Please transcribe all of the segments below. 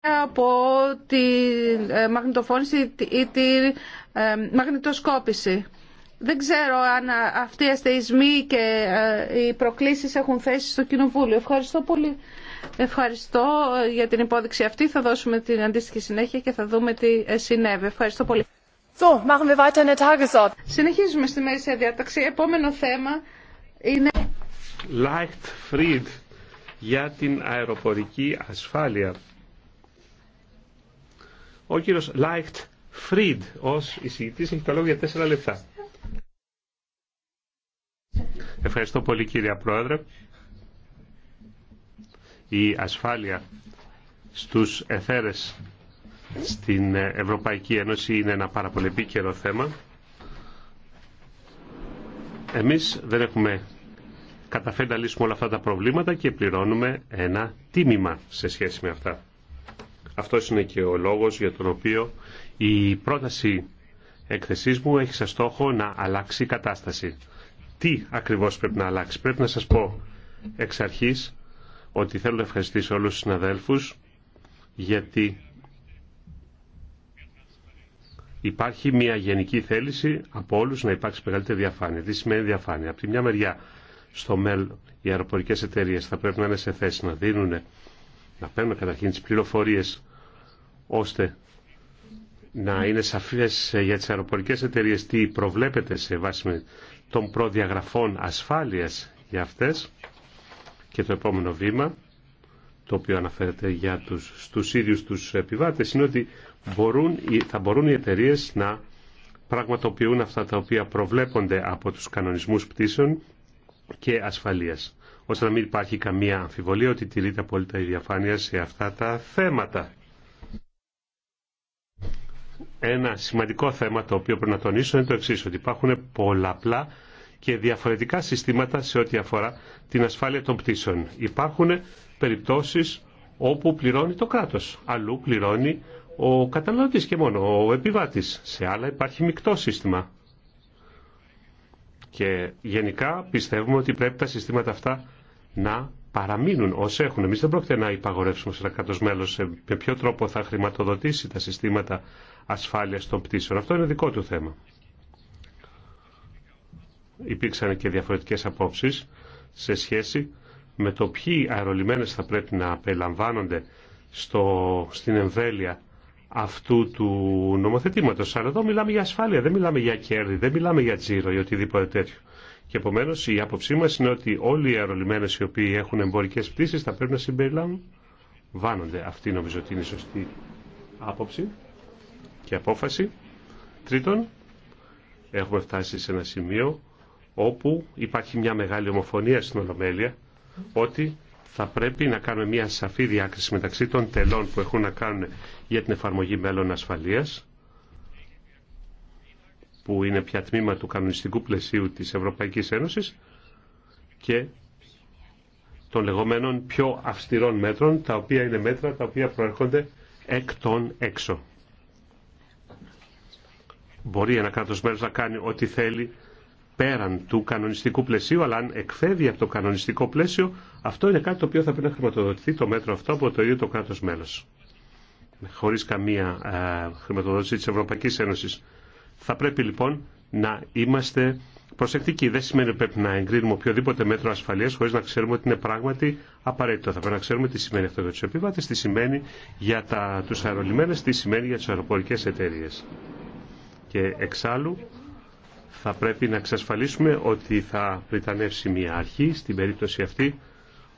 από τη ε, μαγνητοφώνηση ή τη ε, μαγνητοσκόπηση. Δεν ξέρω αν αυτοί οι αστεισμοί και ε, οι προκλήσεις έχουν θέσει στο Κοινοβούλιο. Ευχαριστώ πολύ. Ευχαριστώ για την υπόδειξη αυτή. Θα δώσουμε την αντίστοιχη συνέχεια και θα δούμε τι συνέβη. Ευχαριστώ πολύ. So, machen wir weiter in der Tagesordnung. Συνεχίζουμε στη μέση διάταξη. Επόμενο θέμα είναι... Leichtfried για την αεροπορική ασφάλεια. Ο κύριος Λάιχτ Φρίντ ως εισηγητής έχει το για τέσσερα λεπτά. Ευχαριστώ πολύ κύριε Πρόεδρε. Η ασφάλεια στους εθέρες στην Ευρωπαϊκή Ένωση είναι ένα πάρα πολύ επίκαιρο θέμα. Εμείς δεν έχουμε καταφέρει να λύσουμε όλα αυτά τα προβλήματα και πληρώνουμε ένα τίμημα σε σχέση με αυτά. Αυτό είναι και ο λόγος για τον οποίο η πρόταση εκθεσής μου έχει σαν στόχο να αλλάξει η κατάσταση. Τι ακριβώς πρέπει να αλλάξει. Πρέπει να σας πω εξ αρχής ότι θέλω να ευχαριστήσω όλους τους συναδέλφους γιατί υπάρχει μια γενική θέληση από όλους να υπάρξει μεγαλύτερη διαφάνεια. Τι σημαίνει διαφάνεια. Από τη μια μεριά στο μέλλον οι αεροπορικές εταιρείες θα πρέπει να είναι σε θέση να δίνουν να παίρνουν καταρχήν τις πληροφορίες ώστε να είναι σαφές για τις αεροπορικές εταιρείες τι προβλέπεται σε βάση των προδιαγραφών ασφάλειας για αυτές και το επόμενο βήμα το οποίο αναφέρεται για τους, στους ίδιους τους επιβάτες είναι ότι μπορούν, θα μπορούν οι εταιρείε να πραγματοποιούν αυτά τα οποία προβλέπονται από τους κανονισμούς πτήσεων και ασφαλείας ώστε να μην υπάρχει καμία αμφιβολία ότι τηρείται απόλυτα η διαφάνεια σε αυτά τα θέματα ένα σημαντικό θέμα το οποίο πρέπει να τονίσω είναι το εξή ότι υπάρχουν πολλαπλά και διαφορετικά συστήματα σε ό,τι αφορά την ασφάλεια των πτήσεων. Υπάρχουν περιπτώσεις όπου πληρώνει το κράτος, αλλού πληρώνει ο καταναλωτής και μόνο, ο επιβάτης. Σε άλλα υπάρχει μεικτό σύστημα. Και γενικά πιστεύουμε ότι πρέπει τα συστήματα αυτά να παραμείνουν ως έχουν. Εμεί δεν πρόκειται να υπαγορεύσουμε σε ένα κράτο μέλο με ποιο τρόπο θα χρηματοδοτήσει τα συστήματα ασφάλειας των πτήσεων. Αυτό είναι δικό του θέμα. Υπήρξαν και διαφορετικές απόψεις σε σχέση με το ποιοι αερολιμένες θα πρέπει να περιλαμβάνονται στο, στην εμβέλεια αυτού του νομοθετήματος. Αλλά εδώ μιλάμε για ασφάλεια, δεν μιλάμε για κέρδη, δεν μιλάμε για τζίρο ή οτιδήποτε τέτοιο. Και επομένω η άποψή μα είναι ότι όλοι οι αερολιμένε οι οποίοι έχουν εμπορικέ πτήσει θα πρέπει να συμπεριλαμβάνονται. Αυτή νομίζω ότι είναι η σωστή άποψη. Και απόφαση. Τρίτον, έχουμε φτάσει σε ένα σημείο όπου υπάρχει μια μεγάλη ομοφωνία στην Ολομέλεια ότι θα πρέπει να κάνουμε μια σαφή διάκριση μεταξύ των τελών που έχουν να κάνουν για την εφαρμογή μέλων ασφαλείας που είναι πια τμήμα του κανονιστικού πλαισίου της Ευρωπαϊκής Ένωσης και των λεγόμενων πιο αυστηρών μέτρων, τα οποία είναι μέτρα τα οποία προέρχονται εκ των έξω. Μπορεί ένα κράτο μέρο να κάνει ό,τι θέλει πέραν του κανονιστικού πλαισίου, αλλά αν εκφεύγει από το κανονιστικό πλαίσιο, αυτό είναι κάτι το οποίο θα πρέπει να χρηματοδοτηθεί το μέτρο αυτό από το ίδιο το κράτο μέλο. Χωρί καμία ε, χρηματοδότηση τη Ευρωπαϊκή Ένωση. Θα πρέπει λοιπόν να είμαστε προσεκτικοί. Δεν σημαίνει ότι πρέπει να εγκρίνουμε οποιοδήποτε μέτρο ασφαλεία χωρί να ξέρουμε ότι είναι πράγματι απαραίτητο. Θα πρέπει να ξέρουμε τι σημαίνει αυτό για του επιβάτε, τι σημαίνει για του αερολιμένε, τι σημαίνει για τι αεροπορικέ εταιρείε. Και εξάλλου θα πρέπει να εξασφαλίσουμε ότι θα πριτανεύσει μια αρχή στην περίπτωση αυτή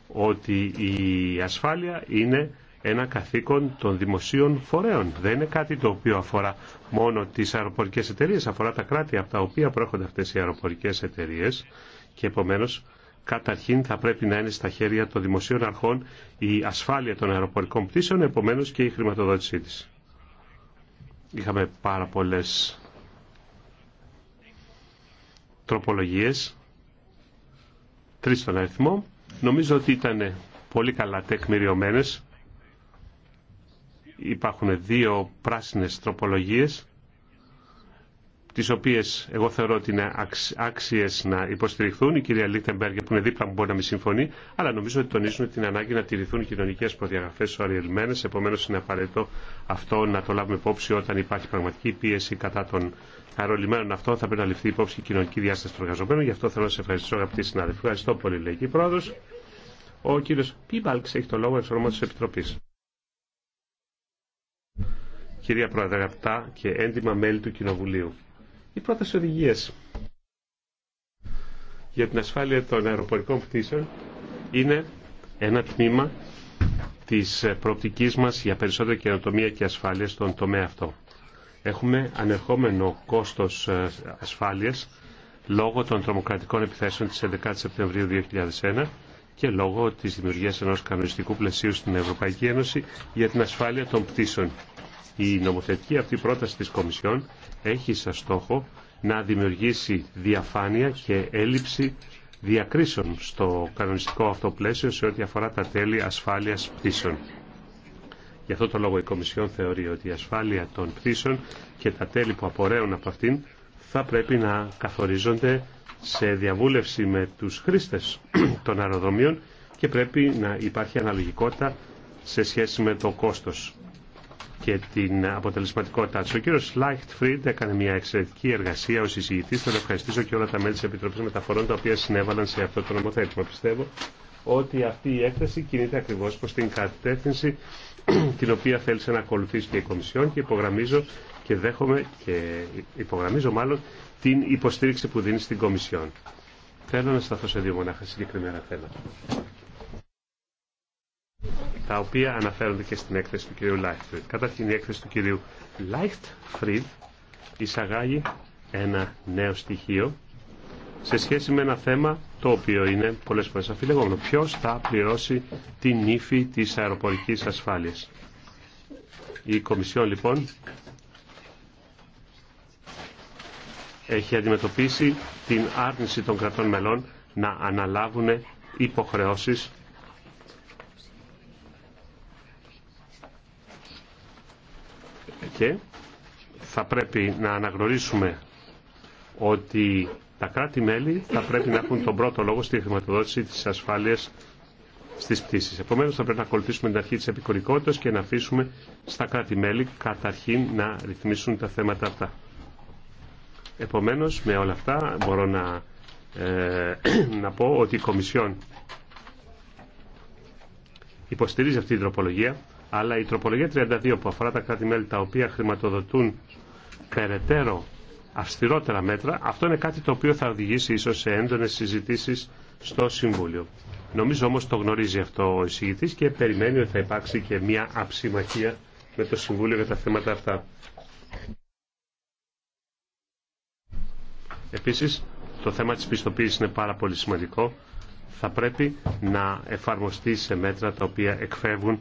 ότι η ασφάλεια είναι ένα καθήκον των δημοσίων φορέων. Δεν είναι κάτι το οποίο αφορά μόνο τις αεροπορικές εταιρείες, αφορά τα κράτη από τα οποία προέρχονται αυτές οι αεροπορικές εταιρείες και επομένως καταρχήν θα πρέπει να είναι στα χέρια των δημοσίων αρχών η ασφάλεια των αεροπορικών πτήσεων, επομένως και η χρηματοδότησή της. Είχαμε πάρα πολλές τροπολογίες, τρεις στον αριθμό. Νομίζω ότι ήταν πολύ καλά τεκμηριωμένες. Υπάρχουν δύο πράσινες τροπολογίες τις οποίες εγώ θεωρώ ότι είναι άξιες να υποστηριχθούν. Η κυρία Λίχτεμπεργκε που είναι δίπλα μου μπορεί να μην συμφωνεί, αλλά νομίζω ότι τονίζουν την ανάγκη να τηρηθούν οι κοινωνικές προδιαγραφές οριελμένες, επομένως είναι απαραίτητο αυτό να το λάβουμε υπόψη όταν υπάρχει πραγματική πίεση κατά των αερολιμένων αυτό θα πρέπει να ληφθεί υπόψη η κοινωνική διάσταση των εργαζομένων. Γι' αυτό θέλω να σε ευχαριστήσω αγαπητοί συνάδελφοι. Ευχαριστώ πολύ, λέει η Ο κύριος Πίμπαλξ έχει το λόγο Κυρία Πρόεδρε, αγαπητά και έντιμα μέλη του Κοινοβουλίου. Η πρόταση οδηγίας για την ασφάλεια των αεροπορικών πτήσεων είναι ένα τμήμα τη προοπτική μα για περισσότερη καινοτομία και ασφάλεια στον τομέα αυτό. Έχουμε ανερχόμενο κόστο ε, ασφάλεια λόγω των τρομοκρατικών επιθέσεων τη 11 η Σεπτεμβρίου 2001 και λόγω τη δημιουργία ενό κανονιστικού πλαισίου στην Ευρωπαϊκή Ένωση για την ασφάλεια των πτήσεων. Η νομοθετική αυτή πρόταση τη Κομισιόν έχει σαν στόχο να δημιουργήσει διαφάνεια και έλλειψη διακρίσεων στο κανονιστικό αυτό πλαίσιο σε ό,τι αφορά τα τέλη ασφάλειας πτήσεων. Γι' αυτό το λόγο η Κομισιόν θεωρεί ότι η ασφάλεια των πτήσεων και τα τέλη που απορρέουν από αυτήν θα πρέπει να καθορίζονται σε διαβούλευση με τους χρήστες των αεροδρομίων και πρέπει να υπάρχει αναλογικότητα σε σχέση με το κόστος και την αποτελεσματικότητά του. Ο κύριο Λάιχτφριντ έκανε μια εξαιρετική εργασία ω εισηγητή. Θέλω ευχαριστήσω και όλα τα μέλη τη Επιτροπή Μεταφορών τα οποία συνέβαλαν σε αυτό το νομοθέτημα. Πιστεύω ότι αυτή η έκθεση κινείται ακριβώ προ την κατεύθυνση την οποία θέλησε να ακολουθήσει και η Κομισιόν και υπογραμμίζω και δέχομαι και υπογραμμίζω μάλλον την υποστήριξη που δίνει στην Κομισιόν. Θέλω να σταθώ σε δύο μονάχα συγκεκριμένα θέματα τα οποία αναφέρονται και στην έκθεση του κυρίου Λάιχτφριντ. Καταρχήν η έκθεση του κυρίου Λάιχτφριντ εισαγάγει ένα νέο στοιχείο σε σχέση με ένα θέμα το οποίο είναι πολλές φορές αφιλεγόμενο. Ποιος θα πληρώσει την ύφη της αεροπορικής ασφάλειας. Η Κομισιόν λοιπόν έχει αντιμετωπίσει την άρνηση των κρατών μελών να αναλάβουν υποχρεώσεις και θα πρέπει να αναγνωρίσουμε ότι τα κράτη-μέλη θα πρέπει να έχουν τον πρώτο λόγο στη χρηματοδότηση της ασφάλειας στις πτήσει. Επομένως θα πρέπει να ακολουθήσουμε την αρχή της επικορικότητας και να αφήσουμε στα κράτη-μέλη καταρχήν να ρυθμίσουν τα θέματα αυτά. Επομένως με όλα αυτά μπορώ να, ε, να πω ότι η Κομισιόν υποστηρίζει αυτή την τροπολογία αλλά η τροπολογία 32 που αφορά τα κράτη-μέλη τα οποία χρηματοδοτούν περαιτέρω αυστηρότερα μέτρα, αυτό είναι κάτι το οποίο θα οδηγήσει ίσως σε έντονες συζητήσεις στο Συμβούλιο. Νομίζω όμως το γνωρίζει αυτό ο εισηγητής και περιμένει ότι θα υπάρξει και μια αψημαχία με το Συμβούλιο για τα θέματα αυτά. Επίσης, το θέμα της πιστοποίησης είναι πάρα πολύ σημαντικό. Θα πρέπει να εφαρμοστεί σε μέτρα τα οποία εκφεύγουν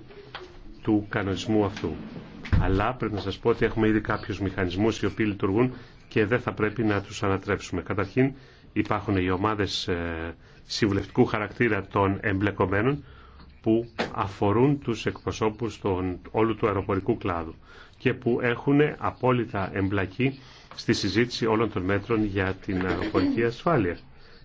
του κανονισμού αυτού. Αλλά πρέπει να σας πω ότι έχουμε ήδη κάποιους μηχανισμούς οι οποίοι λειτουργούν και δεν θα πρέπει να τους ανατρέψουμε. Καταρχήν υπάρχουν οι ομάδες ε, συμβουλευτικού χαρακτήρα των εμπλεκομένων που αφορούν τους εκπροσώπους των, όλου του αεροπορικού κλάδου και που έχουν απόλυτα εμπλακή στη συζήτηση όλων των μέτρων για την αεροπορική ασφάλεια.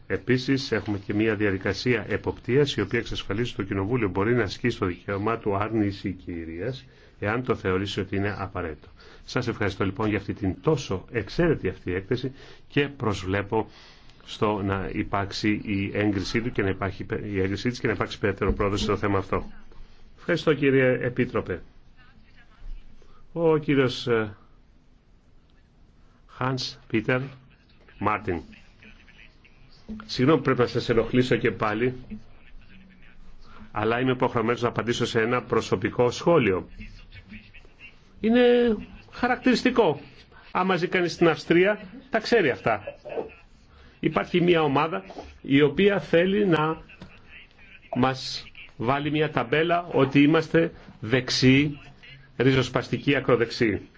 Επίσης έχουμε και μια διαδικασία εποπτείας η οποία εξασφαλίζει ότι το Κοινοβούλιο μπορεί να ασκήσει το δικαίωμά του άρνηση κυρίας εάν το θεωρήσει ότι είναι απαραίτητο. Σας ευχαριστώ λοιπόν για αυτή την τόσο εξαίρετη αυτή έκθεση και προσβλέπω στο να υπάρξει η έγκρισή του και να υπάρχει η έγκρισή της και να υπάρξει περαιτέρω πρόοδος στο θέμα αυτό. Ευχαριστώ κύριε Επίτροπε. Ο κύριος Χάνς Πίτερ Μάρτιν. Συγγνώμη πρέπει να σας ενοχλήσω και πάλι, αλλά είμαι υποχρεωμένος να απαντήσω σε ένα προσωπικό σχόλιο. Είναι χαρακτηριστικό. Άμα ζει κανείς στην Αυστρία, τα ξέρει αυτά. Υπάρχει μια ομάδα η οποία θέλει να μας βάλει μια ταμπέλα ότι είμαστε δεξιοί, ριζοσπαστικοί ακροδεξιοί.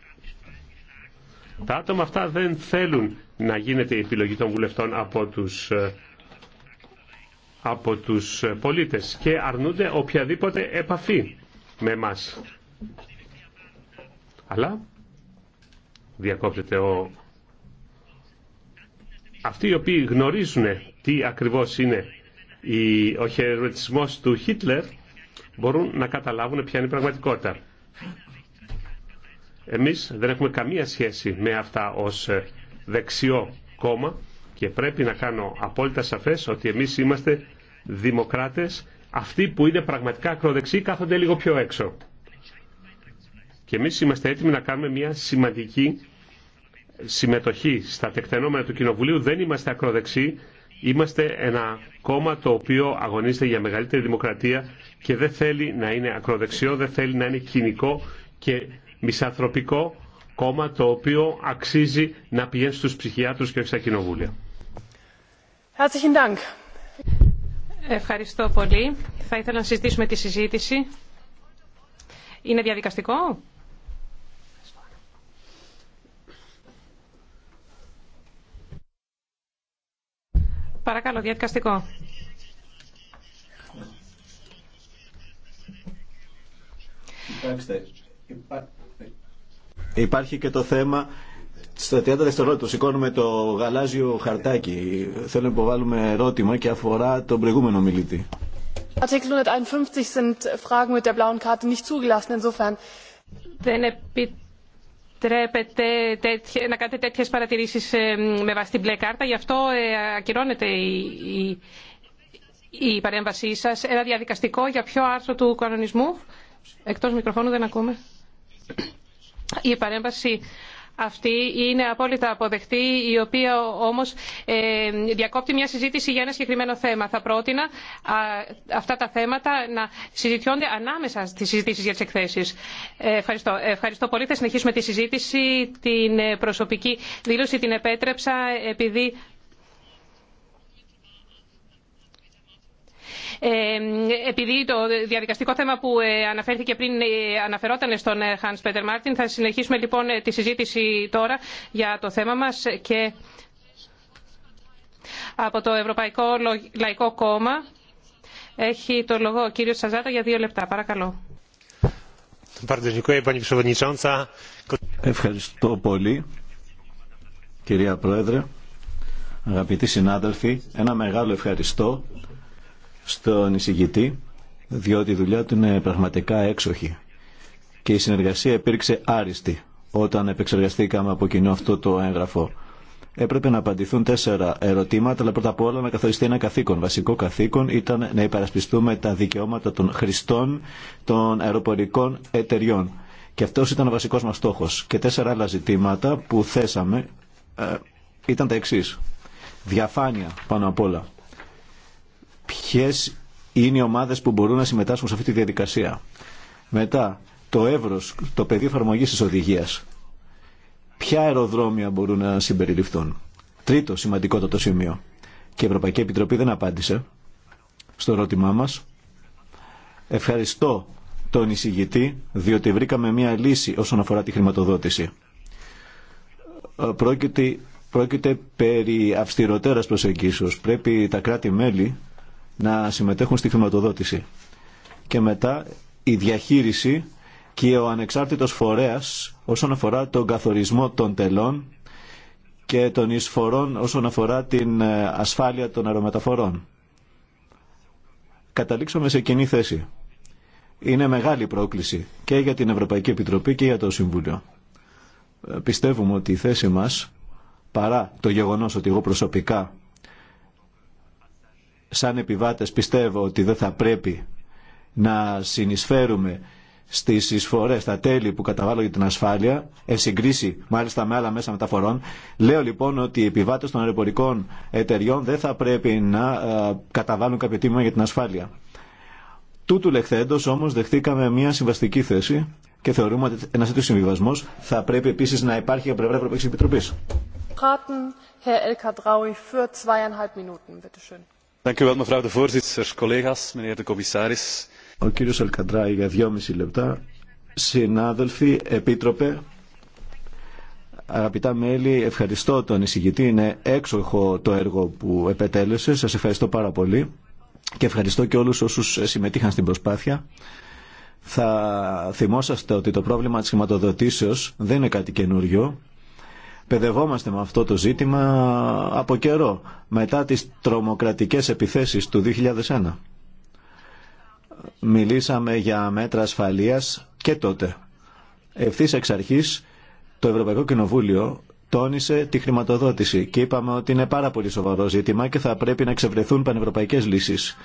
Τα άτομα αυτά δεν θέλουν να γίνεται η επιλογή των βουλευτών από τους, ε, από τους ε, πολίτες και αρνούνται οποιαδήποτε επαφή με μας. Αλλά διακόπτεται ο... Αυτοί οι οποίοι γνωρίζουν τι ακριβώς είναι η... ο χαιρετισμός του Χίτλερ μπορούν να καταλάβουν ποια είναι η πραγματικότητα. Εμείς δεν έχουμε καμία σχέση με αυτά ως ε, δεξιό κόμμα και πρέπει να κάνω απόλυτα σαφές ότι εμείς είμαστε δημοκράτες. Αυτοί που είναι πραγματικά ακροδεξιοί κάθονται λίγο πιο έξω. Και εμείς είμαστε έτοιμοι να κάνουμε μια σημαντική συμμετοχή στα τεκτενόμενα του Κοινοβουλίου. Δεν είμαστε ακροδεξιοί. Είμαστε ένα κόμμα το οποίο αγωνίζεται για μεγαλύτερη δημοκρατία και δεν θέλει να είναι ακροδεξιό, δεν θέλει να είναι κοινικό και μισανθρωπικό κόμμα το οποίο αξίζει να πηγαίνει στους ψυχιάτρους και όχι στα κοινοβούλια. Ευχαριστώ πολύ. Θα ήθελα να συζητήσουμε τη συζήτηση. Είναι διαδικαστικό? Παρακαλώ, διαδικαστικό. Υπάρχει και το θέμα στα 30 δευτερόλεπτα σηκώνουμε το γαλάζιο χαρτάκι. Θέλω να υποβάλουμε ερώτημα και αφορά τον προηγούμενο μιλητή. Δεν επιτρέπεται να κάνετε τέτοιε παρατηρήσει ε, με βάση την μπλε κάρτα. Γι' αυτό ε, ακυρώνεται η, η, η παρέμβασή σα. Ένα διαδικαστικό για ποιο άρθρο του κανονισμού. Εκτό μικροφώνου δεν ακούμε η παρέμβαση αυτή είναι απόλυτα αποδεκτή, η οποία όμως ε, διακόπτει μια συζήτηση για ένα συγκεκριμένο θέμα. Θα πρότεινα αυτά τα θέματα να συζητιώνται ανάμεσα στις συζητήσεις για τις εκθέσεις. Ε, ευχαριστώ. Ευχαριστώ πολύ. Θα συνεχίσουμε τη συζήτηση. Την ε, προσωπική δήλωση την επέτρεψα επειδή Ε, επειδή το διαδικαστικό θέμα που ε, αναφέρθηκε πριν ε, αναφερόταν στον Hans Peter Μάρτιν, θα συνεχίσουμε λοιπόν τη συζήτηση τώρα για το θέμα μας και από το Ευρωπαϊκό Λαϊκό Κόμμα έχει το λόγο ο κύριος Σαζάτα για δύο λεπτά. Παρακαλώ. Ευχαριστώ πολύ, κυρία Πρόεδρε. Αγαπητοί συνάδελφοι, ένα μεγάλο ευχαριστώ στον εισηγητή, διότι η δουλειά του είναι πραγματικά έξοχη και η συνεργασία υπήρξε άριστη όταν επεξεργαστήκαμε από κοινό αυτό το έγγραφο. Έπρεπε να απαντηθούν τέσσερα ερωτήματα, αλλά πρώτα απ' όλα να καθοριστεί ένα καθήκον. Βασικό καθήκον ήταν να υπερασπιστούμε τα δικαιώματα των χρηστών των αεροπορικών εταιριών. Και αυτό ήταν ο βασικό μα στόχο. Και τέσσερα άλλα ζητήματα που θέσαμε ε, ήταν τα εξή. Διαφάνεια πάνω απ' όλα. Ποιε είναι οι ομάδες που μπορούν να συμμετάσχουν σε αυτή τη διαδικασία. Μετά, το εύρο, το πεδίο εφαρμογή τη οδηγία. Ποια αεροδρόμια μπορούν να συμπεριληφθούν. Τρίτο το σημείο. Και η Ευρωπαϊκή Επιτροπή δεν απάντησε στο ερώτημά μας. Ευχαριστώ τον εισηγητή, διότι βρήκαμε μία λύση όσον αφορά τη χρηματοδότηση. Ε, πρόκειται, πρόκειται περί αυστηροτέρας προσεγγίσεως. Πρέπει τα κράτη-μέλη να συμμετέχουν στη χρηματοδότηση. Και μετά η διαχείριση και ο ανεξάρτητος φορέας όσον αφορά τον καθορισμό των τελών και των εισφορών όσον αφορά την ε, ασφάλεια των αερομεταφορών. Καταλήξαμε σε κοινή θέση. Είναι μεγάλη πρόκληση και για την Ευρωπαϊκή Επιτροπή και για το Συμβούλιο. Ε, πιστεύουμε ότι η θέση μας, παρά το γεγονός ότι εγώ προσωπικά σαν επιβάτες πιστεύω ότι δεν θα πρέπει να συνεισφέρουμε στις εισφορές, στα τέλη που καταβάλλω για την ασφάλεια, εν συγκρίση μάλιστα με άλλα μέσα μεταφορών. Λέω λοιπόν ότι οι επιβάτες των αεροπορικών εταιριών δεν θα πρέπει να ε, καταβάλουν κάποιο τίμημα για την ασφάλεια. Τούτου λεχθέντος όμως δεχτήκαμε μια συμβαστική θέση και θεωρούμε ότι ένα τέτοιο συμβιβασμό θα πρέπει επίση να υπάρχει από πλευρά Ευρωπαϊκή Επιτροπή. Ο κύριος Αλκαντράη για δυόμιση λεπτά. Συνάδελφοι, επίτροπε, αγαπητά μέλη, ευχαριστώ τον εισηγητή. Είναι έξοχο το έργο που επετέλεσε. Σας ευχαριστώ πάρα πολύ και ευχαριστώ και όλους όσους συμμετείχαν στην προσπάθεια. Θα θυμόσαστε ότι το πρόβλημα της χρηματοδοτήσεως δεν είναι κάτι καινούριο Παιδευόμαστε με αυτό το ζήτημα από καιρό, μετά τις τρομοκρατικές επιθέσεις του 2001. Μιλήσαμε για μέτρα ασφαλείας και τότε. Ευθύς εξ αρχής το Ευρωπαϊκό Κοινοβούλιο τόνισε τη χρηματοδότηση και είπαμε ότι είναι πάρα πολύ σοβαρό ζήτημα και θα πρέπει να εξευρεθούν πανευρωπαϊκές λύσεις.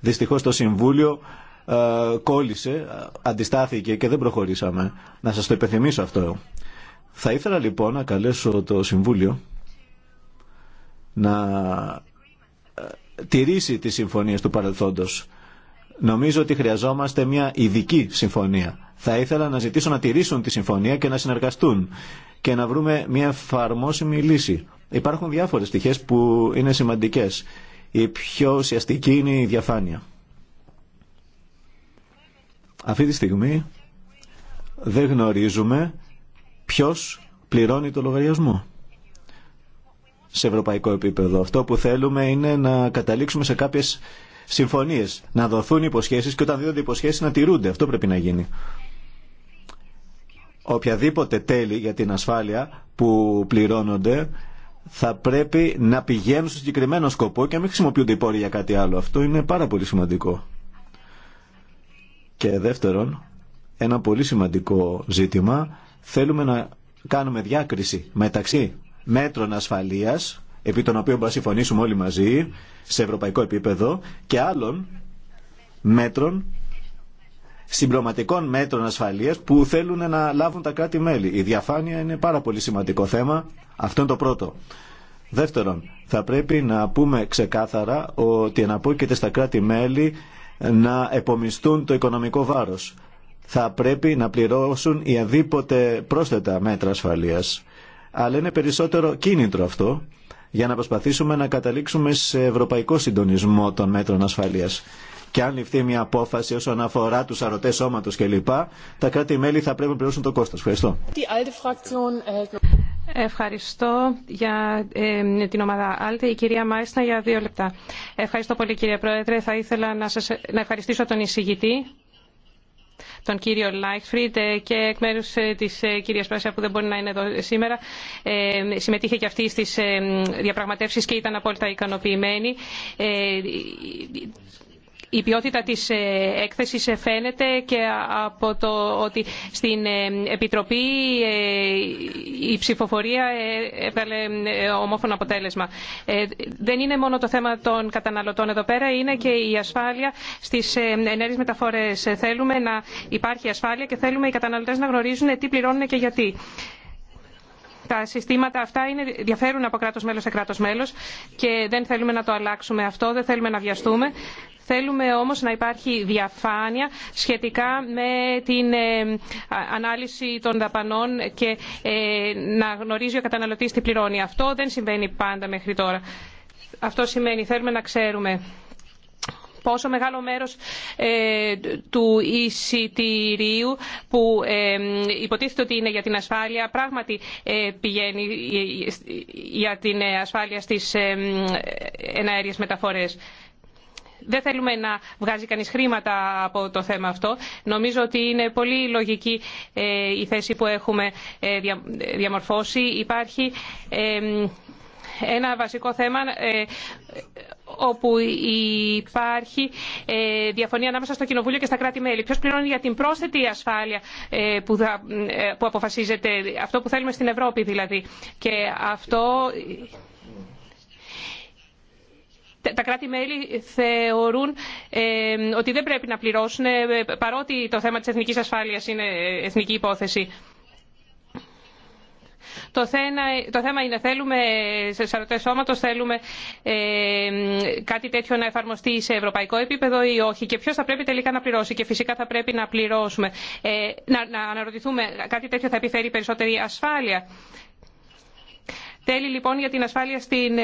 Δυστυχώς το Συμβούλιο ε, κόλλησε, αντιστάθηκε και δεν προχωρήσαμε. Να σας το υπενθυμίσω αυτό. Θα ήθελα λοιπόν να καλέσω το Συμβούλιο να ε, τηρήσει τις συμφωνίες του παρελθόντος. Νομίζω ότι χρειαζόμαστε μια ειδική συμφωνία. Θα ήθελα να ζητήσω να τηρήσουν τη συμφωνία και να συνεργαστούν και να βρούμε μια εφαρμόσιμη λύση. Υπάρχουν διάφορες στοιχές που είναι σημαντικές. Η πιο ουσιαστική είναι η διαφάνεια. Αυτή τη στιγμή δεν γνωρίζουμε ποιος πληρώνει το λογαριασμό σε ευρωπαϊκό επίπεδο. Αυτό που θέλουμε είναι να καταλήξουμε σε κάποιες συμφωνίες, να δοθούν υποσχέσεις και όταν δίδονται υποσχέσεις να τηρούνται. Αυτό πρέπει να γίνει. Οποιαδήποτε τέλη για την ασφάλεια που πληρώνονται θα πρέπει να πηγαίνουν στο συγκεκριμένο σκοπό και να μην χρησιμοποιούνται οι πόροι για κάτι άλλο. Αυτό είναι πάρα πολύ σημαντικό. Και δεύτερον, ένα πολύ σημαντικό ζήτημα Θέλουμε να κάνουμε διάκριση μεταξύ μέτρων ασφαλείας, επί των οποίων μπορούμε να συμφωνήσουμε όλοι μαζί, σε ευρωπαϊκό επίπεδο, και άλλων μέτρων, συμπληρωματικών μέτρων ασφαλείας που θέλουν να λάβουν τα κράτη-μέλη. Η διαφάνεια είναι πάρα πολύ σημαντικό θέμα. Αυτό είναι το πρώτο. Δεύτερον, θα πρέπει να πούμε ξεκάθαρα ότι εναπόκειται στα κράτη-μέλη να επομιστούν το οικονομικό βάρος θα πρέπει να πληρώσουν οι αδίποτε πρόσθετα μέτρα ασφαλείας. Αλλά είναι περισσότερο κίνητρο αυτό για να προσπαθήσουμε να καταλήξουμε σε ευρωπαϊκό συντονισμό των μέτρων ασφαλείας. Και αν ληφθεί μια απόφαση όσον αφορά του σώματος σώματο κλπ., τα κράτη-μέλη θα πρέπει να πληρώσουν το κόστο. Ευχαριστώ. Äh, Ευχαριστώ για ε, την ομάδα Άλτε. Η κυρία Μάισνα για δύο λεπτά. Ευχαριστώ πολύ κύριε Πρόεδρε. Θα ήθελα να, σας, να ευχαριστήσω τον εισηγητή τον κύριο Λάιχφριντ ε, και εκ μέρου ε, τη ε, κυρία Πράσια που δεν μπορεί να είναι εδώ σήμερα. Συμμετείχε και αυτή στι διαπραγματεύσει και ήταν απόλυτα ικανοποιημένη η ποιότητα της ε, έκθεσης ε, φαίνεται και από το ότι στην ε, Επιτροπή η ψηφοφορία έβαλε ομόφωνο αποτέλεσμα. Δεν είναι μόνο το θέμα των καταναλωτών εδώ πέρα, είναι και η ασφάλεια στις ενέργειες μεταφορές. Θέλουμε να υπάρχει ασφάλεια και θέλουμε οι καταναλωτές να γνωρίζουν τι πληρώνουν και γιατί. Τα συστήματα αυτά είναι, διαφέρουν από κράτος μέλος σε κράτος μέλος και δεν θέλουμε να το αλλάξουμε αυτό, δεν θέλουμε να βιαστούμε. Θέλουμε όμως να υπάρχει διαφάνεια σχετικά με την ε, ανάλυση των δαπανών και ε, να γνωρίζει ο καταναλωτής τι πληρώνει. Αυτό δεν συμβαίνει πάντα μέχρι τώρα. Αυτό σημαίνει θέλουμε να ξέρουμε πόσο μεγάλο μέρος ε, του εισιτηρίου που υποτίθεται ότι είναι για την ασφάλεια πράγματι πηγαίνει για την ασφάλεια στις εναέριες μεταφορές δεν θέλουμε να βγάζει κανείς χρήματα από το θέμα αυτό. Νομίζω ότι είναι πολύ λογική ε, η θέση που έχουμε ε, διαμορφώσει. Υπάρχει ε, ένα βασικό θέμα όπου υπάρχει διαφωνία ανάμεσα στο Κοινοβούλιο και στα κράτη-μέλη. Ποιο πληρώνει για την πρόσθετη ασφάλεια που, που αποφασίζεται, αυτό που θέλουμε στην Ευρώπη δηλαδή. Και αυτό τα κράτη-μέλη θεωρούν ε, ότι δεν πρέπει να πληρώσουν ε, παρότι το θέμα της εθνικής ασφάλειας είναι ε, εθνική υπόθεση. Το, το θέμα είναι θέλουμε σε σαρωτές σώματος, θέλουμε ε, κάτι τέτοιο να εφαρμοστεί σε ευρωπαϊκό επίπεδο ή όχι και ποιος θα πρέπει τελικά να πληρώσει και φυσικά θα πρέπει να πληρώσουμε. να, να αναρωτηθούμε κάτι τέτοιο θα επιφέρει περισσότερη ασφάλεια. Τέλει λοιπόν για την ασφάλεια στην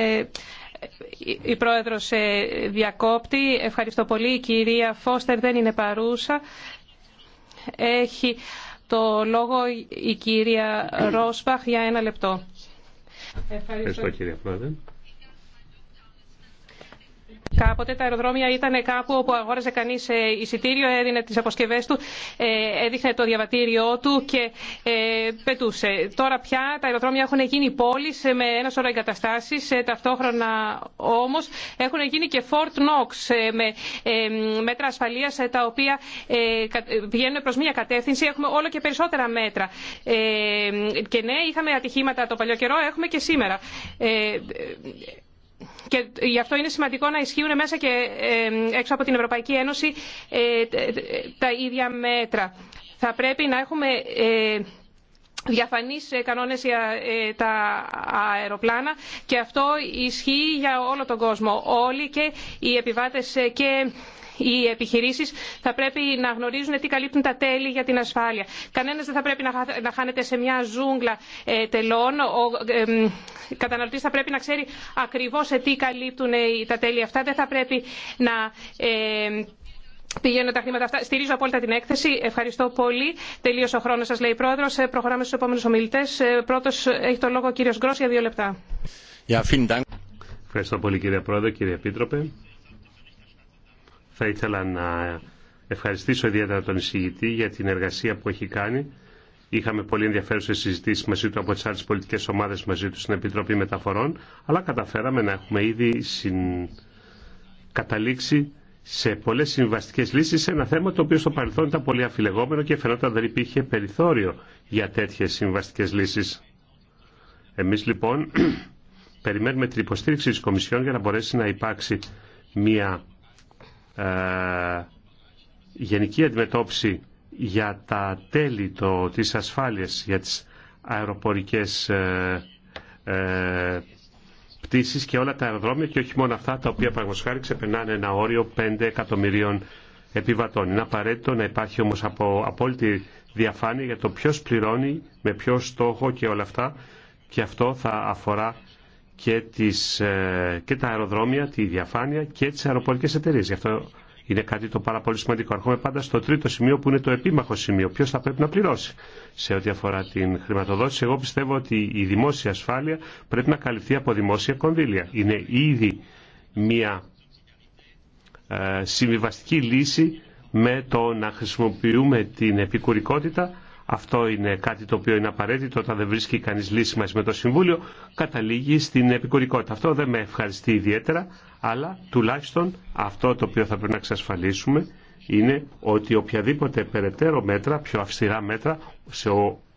η πρόεδρος ε, διακόπτη. Ευχαριστώ πολύ. Η κυρία Φώστερ δεν είναι παρούσα. Έχει το λόγο η κυρία Ρόσπαχ για ένα λεπτό. Ευχαριστώ, Ευχαριστώ κύριε Πρόεδρε. Κάποτε τα αεροδρόμια ήταν κάπου όπου αγόραζε κανεί ε, εισιτήριο, έδινε τι αποσκευέ του, ε, έδειχνε το διαβατήριό του και ε, πετούσε. Τώρα πια τα αεροδρόμια έχουν γίνει πόλει με ένα σωρό εγκαταστάσει, ταυτόχρονα όμω έχουν γίνει και Fort Knox με μέτρα ασφαλεία τα οποία πηγαίνουν προ μία κατεύθυνση. Έχουμε όλο και περισσότερα μέτρα. Και ναι, είχαμε ατυχήματα το παλιό καιρό, έχουμε και σήμερα και γι' αυτό είναι σημαντικό να ισχύουν μέσα και έξω από την Ευρωπαϊκή Ένωση ε, τα ίδια μέτρα. Θα πρέπει να έχουμε ε, διαφανείς κανόνες για ε, τα αεροπλάνα και αυτό ισχύει για όλο τον κόσμο. Όλοι και οι επιβάτες και οι επιχειρήσεις θα πρέπει να γνωρίζουν τι καλύπτουν τα τέλη για την ασφάλεια. Κανένας δεν θα πρέπει να χάνεται σε μια ζούγκλα ε, τελών. Ο ε, καταναλωτή θα πρέπει να ξέρει ακριβώ σε τι καλύπτουν ε, τα τέλη αυτά. Δεν θα πρέπει να πηγαίνουν τα χρήματα αυτά. Στηρίζω απόλυτα την έκθεση. Ευχαριστώ πολύ. Τελείωσε ο χρόνο σα, λέει η πρόεδρο. Προχωράμε στους επόμενους ομιλητές. Πρώτος έχει το λόγο ο κύριο Γκρό για δύο λεπτά. Ευχαριστώ πολύ κύριε Πρόεδρε, κύριε Επίτροπε. Θα ήθελα να ευχαριστήσω ιδιαίτερα τον εισηγητή για την εργασία που έχει κάνει. Είχαμε πολύ ενδιαφέρουσε συζητήσει μαζί του από τι άλλε πολιτικέ ομάδε μαζί του στην Επιτροπή Μεταφορών, αλλά καταφέραμε να έχουμε ήδη συν... καταλήξει σε πολλέ συμβαστικέ λύσει σε ένα θέμα το οποίο στο παρελθόν ήταν πολύ αφιλεγόμενο και φαινόταν δεν υπήρχε περιθώριο για τέτοιε συμβαστικέ λύσει. Εμεί λοιπόν περιμένουμε την υποστήριξη τη Κομισιόν για να μπορέσει να υπάρξει μια ε, γενική αντιμετώπιση για τα τέλη το, της ασφάλειας για τις αεροπορικές ε, ε πτήσεις και όλα τα αεροδρόμια και όχι μόνο αυτά τα οποία πραγματικά ξεπερνάνε ένα όριο 5 εκατομμυρίων επιβατών. Είναι απαραίτητο να υπάρχει όμως από απόλυτη διαφάνεια για το ποιος πληρώνει, με ποιο στόχο και όλα αυτά και αυτό θα αφορά και, τις, ε, και τα αεροδρόμια, τη διαφάνεια και τις αεροπορικές εταιρείες. Γι' αυτό είναι κάτι το πάρα πολύ σημαντικό. Αρχόμαι πάντα στο τρίτο σημείο που είναι το επίμαχο σημείο. Ποιο θα πρέπει να πληρώσει σε ό,τι αφορά την χρηματοδότηση. Εγώ πιστεύω ότι η δημόσια ασφάλεια πρέπει να καλυφθεί από δημόσια κονδύλια. Είναι ήδη μια ε, συμβιβαστική λύση με το να χρησιμοποιούμε την επικουρικότητα αυτό είναι κάτι το οποίο είναι απαραίτητο όταν δεν βρίσκει κανείς λύση μαζί με το Συμβούλιο, καταλήγει στην επικουρικότητα. Αυτό δεν με ευχαριστεί ιδιαίτερα, αλλά τουλάχιστον αυτό το οποίο θα πρέπει να εξασφαλίσουμε είναι ότι οποιαδήποτε περαιτέρω μέτρα, πιο αυστηρά μέτρα, σε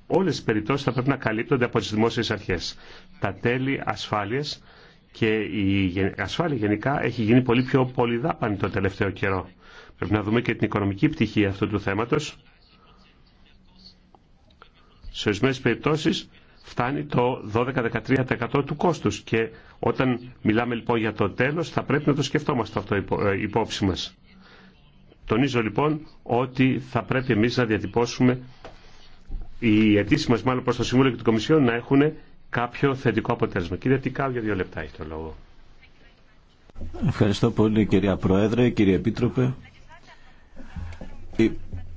όλες τις περιπτώσεις θα πρέπει να καλύπτονται από τις δημόσιες αρχές. Τα τέλη ασφάλειας και η ασφάλεια γενικά έχει γίνει πολύ πιο πολυδάπανη το τελευταίο καιρό. Πρέπει να δούμε και την οικονομική πτυχή αυτού του θέματος σε ορισμένε περιπτώσει φτάνει το 12-13% του κόστου. και όταν μιλάμε λοιπόν για το τέλο, θα πρέπει να το σκεφτόμαστε αυτό ε, υπόψη μα. Τονίζω λοιπόν ότι θα πρέπει εμεί να διατυπώσουμε οι αιτήσει μα, μάλλον προ το Συμβούλιο και την Κομισιόν να έχουν κάποιο θετικό αποτέλεσμα. Κύριε Τικάου για δύο λεπτά έχει το λόγο. Ευχαριστώ πολύ κυρία Πρόεδρε, κύριε Επίτροπε. Η,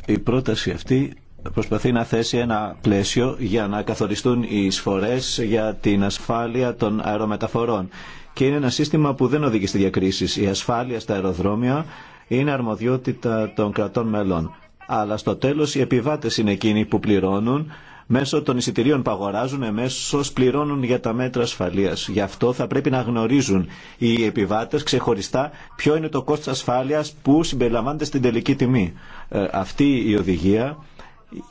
η πρόταση αυτή προσπαθεί να θέσει ένα πλαίσιο για να καθοριστούν οι εισφορές για την ασφάλεια των αερομεταφορών. Και είναι ένα σύστημα που δεν οδηγεί στη διακρίση. Η ασφάλεια στα αεροδρόμια είναι αρμοδιότητα των κρατών μελών. Αλλά στο τέλος οι επιβάτες είναι εκείνοι που πληρώνουν μέσω των εισιτηρίων που αγοράζουν μέσω πληρώνουν για τα μέτρα ασφαλεία. Γι' αυτό θα πρέπει να γνωρίζουν οι επιβάτε ξεχωριστά ποιο είναι το κόστο ασφάλεια που συμπεριλαμβάνεται στην τελική τιμή. Ε, αυτή η οδηγία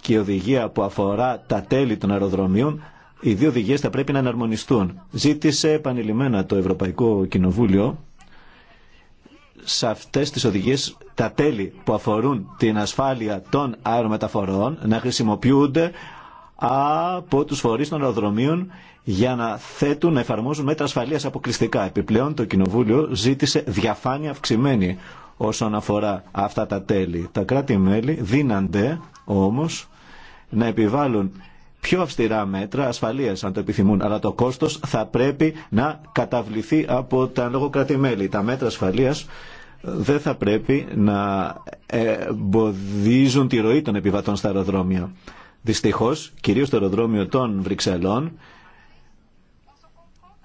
και η οδηγία που αφορά τα τέλη των αεροδρομίων, οι δύο οδηγίες θα πρέπει να εναρμονιστούν. Ζήτησε επανειλημμένα το Ευρωπαϊκό Κοινοβούλιο σε αυτές τις οδηγίες τα τέλη που αφορούν την ασφάλεια των αερομεταφορών να χρησιμοποιούνται από τους φορείς των αεροδρομίων για να θέτουν, να εφαρμόζουν μέτρα ασφαλείας αποκλειστικά. Επιπλέον το Κοινοβούλιο ζήτησε διαφάνεια αυξημένη όσον αφορά αυτά τα τέλη. Τα κράτη-μέλη δίνανται όμως να επιβάλλουν πιο αυστηρά μέτρα ασφαλείας αν το επιθυμούν, αλλά το κόστος θα πρέπει να καταβληθεί από τα λόγω κράτη-μέλη. Τα μέτρα ασφαλείας δεν θα πρέπει να εμποδίζουν τη ροή των επιβατών στα αεροδρόμια. Δυστυχώς, κυρίως το αεροδρόμιο των Βρυξελών,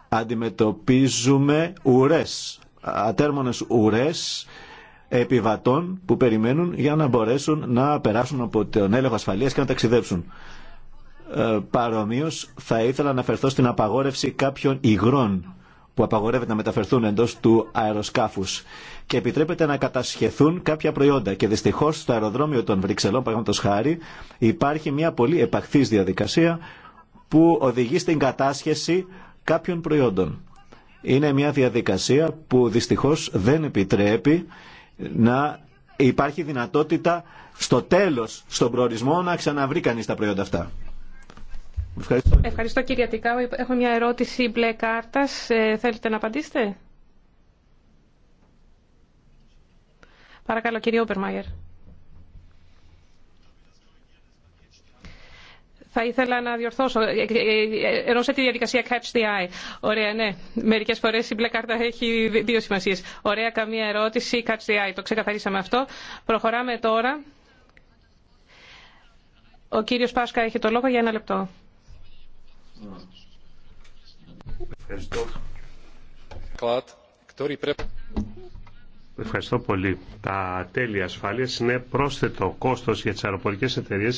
αντιμετωπίζουμε ουρές, ατέρμονες ουρές επιβατών που περιμένουν για να μπορέσουν να περάσουν από τον έλεγχο ασφαλείας και να ταξιδέψουν. Ε, παρομοίως θα ήθελα να αναφερθώ στην απαγόρευση κάποιων υγρών που απαγορεύεται να μεταφερθούν εντός του αεροσκάφους και επιτρέπεται να κατασχεθούν κάποια προϊόντα. Και δυστυχώ, στο αεροδρόμιο των Βρυξελών, παραδείγματο χάρη, υπάρχει μια πολύ επαχθή διαδικασία που οδηγεί στην κατάσχεση κάποιων προϊόντων. Είναι μια διαδικασία που δυστυχώς δεν επιτρέπει να υπάρχει δυνατότητα στο τέλος, στον προορισμό, να ξαναβρει κανείς τα προϊόντα αυτά. Ευχαριστώ. Ευχαριστώ κύριε Τικάου. Έχω μια ερώτηση μπλε κάρτας. Ε, θέλετε να απαντήσετε. Παρακαλώ κύριε Όπερμαγερ. Θα ήθελα να διορθώσω. Ενώ σε τη διαδικασία catch the eye. Ωραία, ναι. Μερικέ φορέ η μπλε κάρτα έχει δύο σημασίε. Ωραία, καμία ερώτηση. Catch the eye. Το ξεκαθαρίσαμε αυτό. Προχωράμε τώρα. Ο κύριο Πάσκα έχει το λόγο για ένα λεπτό. Ευχαριστώ. Ευχαριστώ πολύ. Τα τέλη ασφάλεια είναι πρόσθετο κόστο για τι αεροπορικέ εταιρείε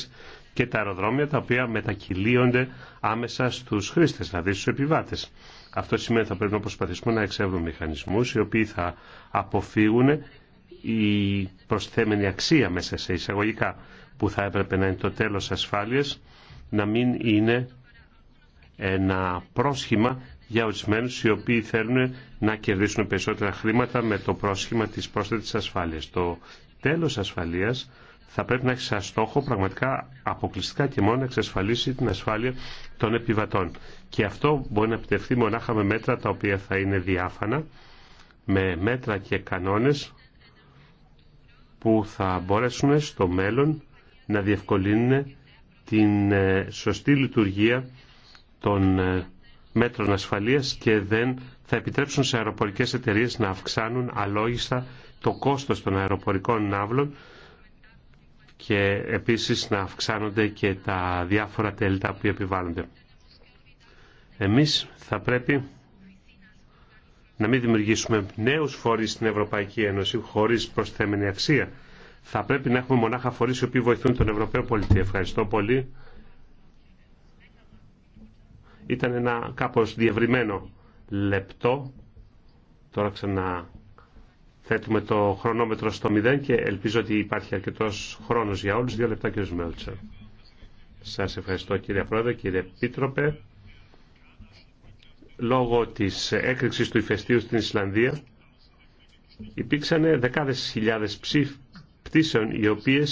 και τα αεροδρόμια τα οποία μετακυλίονται άμεσα στους χρήστες, δηλαδή στους επιβάτες. Αυτό σημαίνει ότι θα πρέπει να προσπαθήσουμε να εξεύρουμε μηχανισμούς οι οποίοι θα αποφύγουν η προσθέμενη αξία μέσα σε εισαγωγικά που θα έπρεπε να είναι το τέλος ασφάλειας να μην είναι ένα πρόσχημα για ορισμένου οι οποίοι θέλουν να κερδίσουν περισσότερα χρήματα με το πρόσχημα της πρόσθετης ασφάλειας. Το τέλος ασφαλείας θα πρέπει να έχει σαν στόχο πραγματικά αποκλειστικά και μόνο να εξασφαλίσει την ασφάλεια των επιβατών. Και αυτό μπορεί να επιτευχθεί μονάχα με μέτρα τα οποία θα είναι διάφανα, με μέτρα και κανόνες που θα μπορέσουν στο μέλλον να διευκολύνουν την ε, σωστή λειτουργία των ε, μέτρων ασφαλείας και δεν θα επιτρέψουν σε αεροπορικές εταιρείες να αυξάνουν αλόγιστα το κόστος των αεροπορικών ναύλων και επίσης να αυξάνονται και τα διάφορα τέλτα που επιβάλλονται. Εμείς θα πρέπει να μην δημιουργήσουμε νέους φορείς στην Ευρωπαϊκή Ένωση χωρίς προσθέμενη αξία. Θα πρέπει να έχουμε μονάχα φορείς οι οποίοι βοηθούν τον Ευρωπαίο πολίτη. Ευχαριστώ πολύ. Ήταν ένα κάπως διευρυμένο λεπτό. Τώρα ξανά θέτουμε το χρονόμετρο στο 0 και ελπίζω ότι υπάρχει αρκετό χρόνο για όλου, Δύο λεπτά κύριε Σμέλτσα. Σα ευχαριστώ κύριε Πρόεδρε, κύριε Επίτροπε. Λόγω τη έκρηξη του ηφαιστείου στην Ισλανδία υπήρξαν δεκάδε χιλιάδε πτήσεων οι οποίε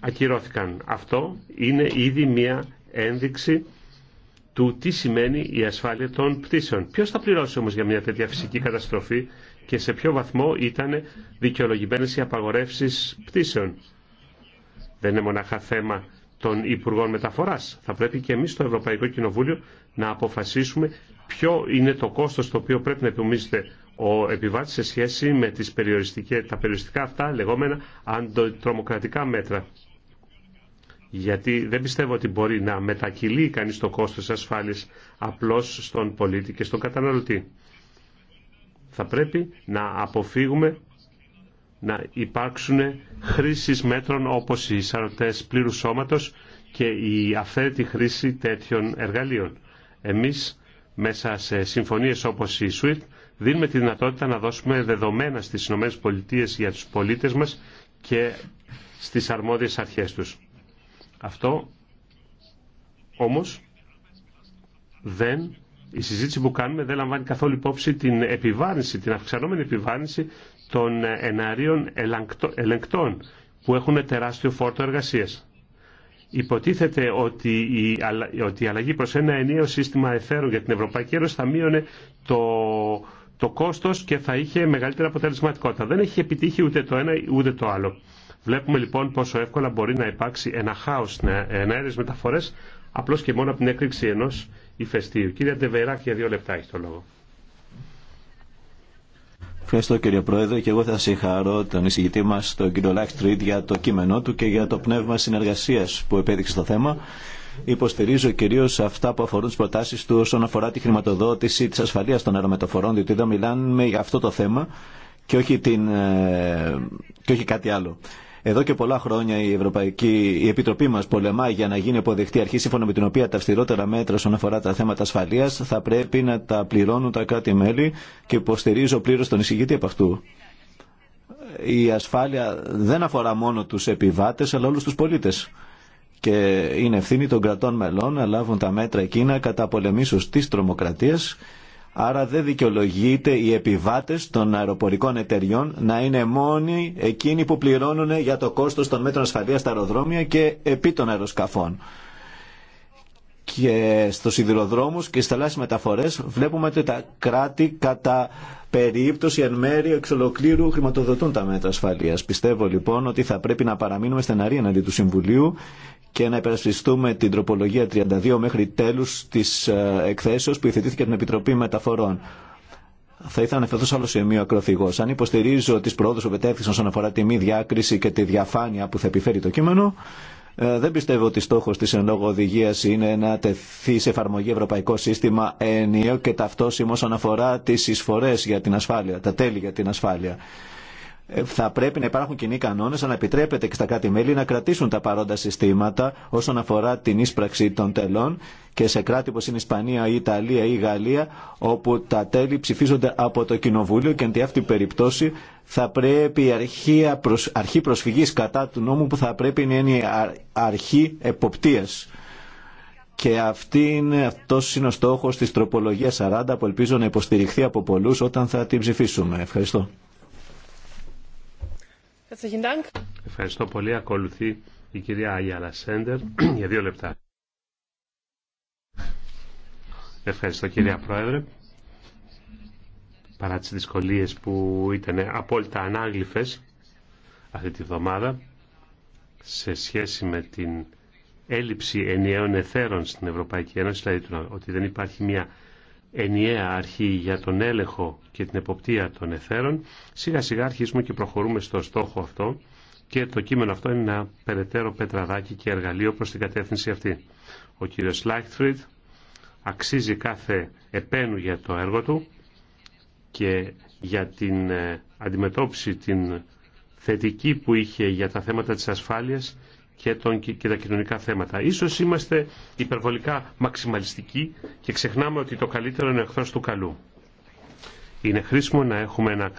ακυρώθηκαν. Αυτό είναι ήδη μία ένδειξη του τι σημαίνει η ασφάλεια των πτήσεων. Ποιος θα πληρώσει όμως για μια τέτοια φυσική καταστροφή και σε ποιο βαθμό ήταν δικαιολογημένες οι απαγορεύσεις πτήσεων. Δεν είναι μονάχα θέμα των Υπουργών Μεταφοράς. Θα πρέπει και εμείς στο Ευρωπαϊκό Κοινοβούλιο να αποφασίσουμε ποιο είναι το κόστος το οποίο πρέπει να επιμείνεται ο επιβάτης σε σχέση με τις περιοριστικές, τα περιοριστικά αυτά λεγόμενα αντιτρομοκρατικά μέτρα. Γιατί δεν πιστεύω ότι μπορεί να μετακυλεί κανείς το κόστος ασφάλειας απλώς στον πολίτη και στον καταναλωτή θα πρέπει να αποφύγουμε να υπάρξουν χρήσεις μέτρων όπως οι σαρωτές πλήρου σώματος και η αφαίρετη χρήση τέτοιων εργαλείων. Εμείς μέσα σε συμφωνίες όπως η SWIFT δίνουμε τη δυνατότητα να δώσουμε δεδομένα στις ΗΠΑ για τους πολίτες μας και στις αρμόδιες αρχές τους. Αυτό όμως δεν η συζήτηση που κάνουμε δεν λαμβάνει καθόλου υπόψη την επιβάρυνση, την αυξανόμενη επιβάρυνση των εναρίων ελεγκτών που έχουν τεράστιο φόρτο εργασία. Υποτίθεται ότι η, ότι η αλλαγή προς ένα ενίο σύστημα εφαίρων για την Ευρωπαϊκή Ένωση θα μείωνε το, το κόστος και θα είχε μεγαλύτερη αποτελεσματικότητα. Δεν έχει επιτύχει ούτε το ένα ούτε το άλλο. Βλέπουμε λοιπόν πόσο εύκολα μπορεί να υπάρξει ένα χάος, εναέρειες μεταφορές, απλώς και μόνο από την έκρηξη ενός ηφαιστείου. Κύριε Ντεβεράκ, για δύο λεπτά έχει το λόγο. Ευχαριστώ κύριε Πρόεδρε και εγώ θα συγχαρώ τον εισηγητή μα, τον κύριο Λάχτριτ, για το κείμενό του και για το πνεύμα συνεργασία που επέδειξε στο θέμα. Υποστηρίζω κυρίω αυτά που αφορούν τι προτάσει του όσον αφορά τη χρηματοδότηση τη ασφαλεία των αερομεταφορών, διότι εδώ μιλάμε για αυτό το θέμα και όχι, την, ε, και όχι κάτι άλλο. Εδώ και πολλά χρόνια η, Ευρωπαϊκή, Επιτροπή μα πολεμάει για να γίνει αποδεκτή αρχή σύμφωνα με την οποία τα αυστηρότερα μέτρα όσον αφορά τα θέματα ασφαλεία θα πρέπει να τα πληρώνουν τα κράτη-μέλη και υποστηρίζω πλήρω τον εισηγητή από αυτού. Η ασφάλεια δεν αφορά μόνο του επιβάτε αλλά όλου του πολίτε και είναι ευθύνη των κρατών μελών να λάβουν τα μέτρα εκείνα κατά πολεμήσεως τη τρομοκρατία Άρα δεν δικαιολογείται οι επιβάτες των αεροπορικών εταιριών να είναι μόνοι εκείνοι που πληρώνουν για το κόστος των μέτρων ασφαλείας στα αεροδρόμια και επί των αεροσκαφών. Και στους σιδηροδρόμους και στις θαλάσσιες μεταφορές βλέπουμε ότι τα κράτη κατά περίπτωση εν μέρη εξ ολοκλήρου χρηματοδοτούν τα μέτρα ασφαλείας. Πιστεύω λοιπόν ότι θα πρέπει να παραμείνουμε στεναροί εναντί του Συμβουλίου και να υπερασπιστούμε την τροπολογία 32 μέχρι τέλους της ε, εκθέσεως που υθετήθηκε την Επιτροπή Μεταφορών. Θα ήθελα να άλλο σε άλλο σημείο ακροθυγό. Αν υποστηρίζω τι προόδου που πετεύχθησαν όσον αφορά τη μη διάκριση και τη διαφάνεια που θα επιφέρει το κείμενο, ε, δεν πιστεύω ότι στόχο τη εν λόγω οδηγία είναι να τεθεί σε εφαρμογή ευρωπαϊκό σύστημα ενίο και ταυτόσιμο όσον αφορά τι εισφορέ για την ασφάλεια, τα τέλη για την ασφάλεια. Ε, θα πρέπει να υπάρχουν κοινοί κανόνε, αλλά επιτρέπεται και στα κράτη-μέλη να κρατήσουν τα παρόντα συστήματα όσον αφορά την ίσπραξη των τελών και σε κράτη όπω είναι η Ισπανία, η Ιταλία ή η Γαλλία, όπου τα τέλη ψηφίζονται από το Κοινοβούλιο και αντί αυτή περιπτώσει θα πρέπει η αρχή, αρχή προσφυγής κατά του νόμου που θα πρέπει να είναι η αρχή εποπτείας. Και αυτή είναι, αυτός είναι ο στόχος της τροπολογίας 40 που ελπίζω να υποστηριχθεί από πολλούς όταν θα την ψηφίσουμε. Ευχαριστώ. Ευχαριστώ πολύ. Ακολουθεί η κυρία Άγια Σέντερ για δύο λεπτά. Ευχαριστώ κυρία Πρόεδρε παρά τις δυσκολίες που ήταν απόλυτα ανάγλυφες αυτή τη βδομάδα σε σχέση με την έλλειψη ενιαίων εθέρων στην Ευρωπαϊκή Ένωση, δηλαδή ότι δεν υπάρχει μια ενιαία αρχή για τον έλεγχο και την εποπτεία των εθέρων, σιγά σιγά αρχίζουμε και προχωρούμε στο στόχο αυτό και το κείμενο αυτό είναι ένα περαιτέρω πετραδάκι και εργαλείο προς την κατεύθυνση αυτή. Ο κύριος Λάιχτφριντ αξίζει κάθε επένου για το έργο του και για την ε, αντιμετώπιση την θετική που είχε για τα θέματα της ασφάλειας και, των, και τα κοινωνικά θέματα. Ίσως είμαστε υπερβολικά μαξιμαλιστικοί και ξεχνάμε ότι το καλύτερο είναι εχθρός του καλού. Είναι χρήσιμο να έχουμε ένα